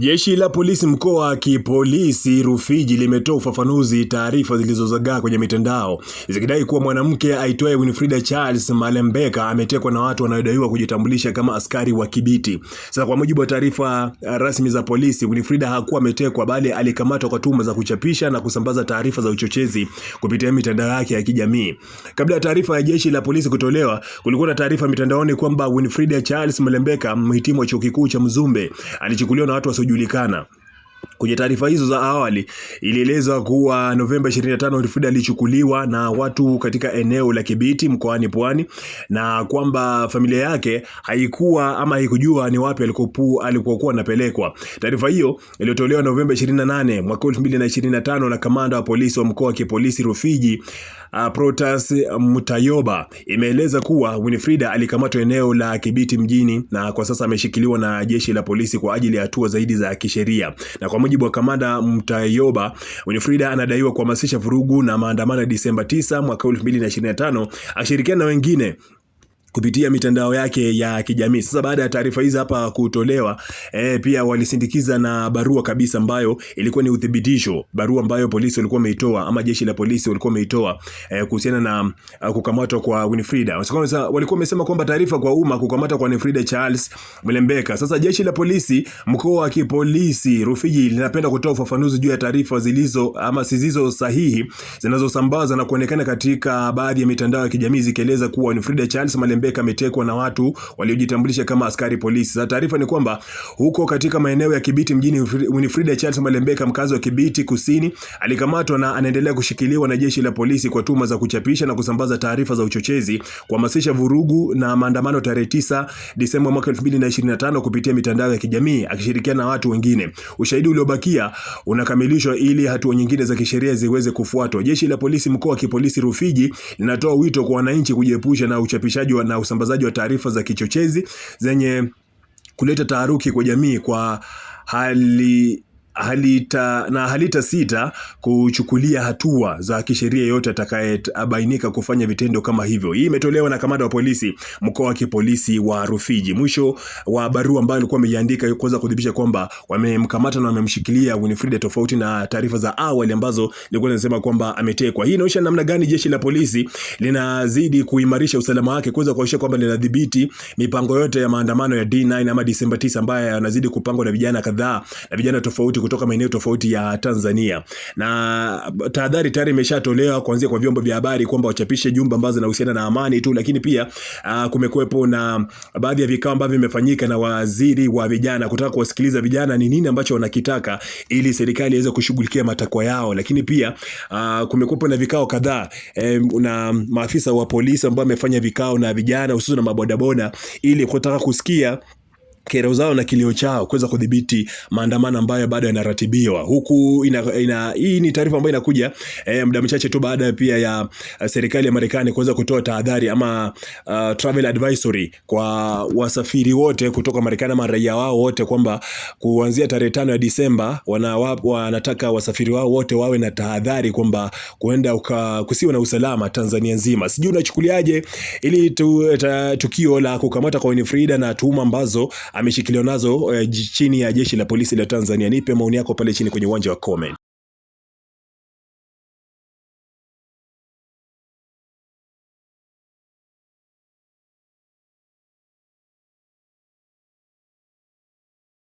Jeshi la polisi mkoa wa kipolisi Rufiji limetoa ufafanuzi taarifa zilizozagaa kwenye mitandao zikidai kuwa mwanamke aitwaye Winfrida Charles Malembeka ametekwa na watu wanaodaiwa kujitambulisha kama askari wa Kibiti. Sasa, kwa mujibu wa taarifa uh, rasmi za polisi, Winfrida hakuwa ametekwa bali alikamatwa kwa tuhuma za kuchapisha na kusambaza taarifa za uchochezi kupitia mitandao yake ya kijamii. Kabla ya taarifa ya jeshi la polisi kutolewa, kulikuwa na taarifa mitandaoni kwamba Winfrida Charles Malembeka, mhitimu wa chuo kikuu cha Mzumbe, alichukuliwa na watu wa kujulikana. Kwenye taarifa hizo za awali ilieleza kuwa Novemba 25 Rifudi alichukuliwa na watu katika eneo la Kibiti mkoani Pwani na kwamba familia yake haikuwa ama haikujua ni wapi alikokuwa alikokuwa anapelekwa. Taarifa hiyo iliyotolewa Novemba 28 mwaka 2025 na kamanda wa polisi wa mkoa wa kipolisi Rufiji Ah, Protas Mutayoba mm, imeeleza kuwa Winfrida alikamatwa eneo la Kibiti mjini na kwa sasa ameshikiliwa na jeshi la polisi kwa ajili ya hatua zaidi za kisheria. Na kwa mujibu wa kamanda Mutayoba, Winfrida anadaiwa kuhamasisha vurugu na maandamano ya Disemba 9 mwaka 2025 akishirikiana na wengine kupitia mitandao yake ya kijamii. Sasa baada ya taarifa hizi hapa kutolewa, e, pia walisindikiza na barua kabisa ambayo ilikuwa ni uthibitisho, barua ambayo polisi walikuwa wameitoa ama jeshi la polisi walikuwa wameitoa e, kuhusiana na uh, kukamatwa kwa Winfrida. Walikuwa wamesema kwamba taarifa kwa umma kukamatwa kwa Winfrida Charles Mlembeka. Sasa jeshi la polisi mkoa wa kipolisi Rufiji linapenda kutoa ufafanuzi juu ya taarifa zilizo ama zisizo sahihi zinazosambaza na kuonekana katika baadhi ya mitandao ya kijamii zikieleza kuwa Winfrida Charles Mlembeka Msembeka ametekwa na watu waliojitambulisha kama askari polisi. Za taarifa ni kwamba huko katika maeneo ya Kibiti mjini, Winifrida Charles Malembeka mkazi wa Kibiti Kusini alikamatwa na anaendelea kushikiliwa na jeshi la polisi kwa tuma za kuchapisha na kusambaza taarifa za uchochezi, kuhamasisha vurugu na maandamano tarehe 9 Disemba mwaka 2025 kupitia mitandao ya kijamii akishirikiana na watu wengine. Ushahidi uliobakia unakamilishwa ili hatua nyingine za kisheria ziweze kufuatwa. Jeshi la polisi mkoa wa kipolisi Rufiji linatoa wito kwa wananchi kujiepusha na uchapishaji wa na usambazaji wa taarifa za kichochezi zenye kuleta taharuki kwa jamii kwa hali halita, na halita sita kuchukulia hatua za kisheria yote atakayebainika kufanya vitendo kama hivyo. Hii imetolewa na kamanda wa polisi mkoa wa kipolisi wa Rufiji. Mwisho wa barua ambayo alikuwa ameiandika kuweza kudhibitisha kwamba wamemkamata na wamemshikilia Winfrida, tofauti na taarifa za awali ambazo ilikuwa inasema kwamba ametekwa. Hii inaonyesha namna gani jeshi la polisi linazidi kuimarisha usalama wake kuweza kuhakikisha kwamba linadhibiti mipango yote ya maandamano ya D9 ama Disemba 9 ambayo yanazidi kupangwa na vijana kadhaa na vijana tofauti kutoka maeneo tofauti ya Tanzania. Na tahadhari tayari imeshatolewa kuanzia kwa vyombo vya habari kwamba wachapishe jumbe ambazo zinahusiana na amani tu, lakini pia uh, kumekuwepo na baadhi ya vikao ambavyo vimefanyika na waziri wa vijana kutaka kuwasikiliza vijana ni nini ambacho wanakitaka ili serikali iweze kushughulikia matakwa yao, lakini pia uh, kumekuwepo na vikao kadhaa eh, na maafisa wa polisi ambao wamefanya vikao na vijana hususan na mabodaboda ili kutaka kusikia kero zao na kilio chao kuweza kudhibiti maandamano ambayo bado yanaratibiwa huku ina, ina, hii ni taarifa ambayo inakuja e, muda mchache tu baada pia ya eh, serikali ya Marekani kuweza kutoa tahadhari ama uh, travel advisory kwa wasafiri wote kutoka Marekani ama raia wao wote kwamba kuanzia tarehe tano ya Disemba wanataka wasafiri wao wote wawe na tahadhari kwamba kuenda kusiwe na usalama Tanzania nzima. Sijui unachukuliaje ili tu, ta, tukio la kukamata kwa Winfrida na tuhuma ambazo ameshikiliwa nazo eh, chini ya jeshi la polisi la Tanzania. Nipe maoni yako pale chini kwenye uwanja wa comment.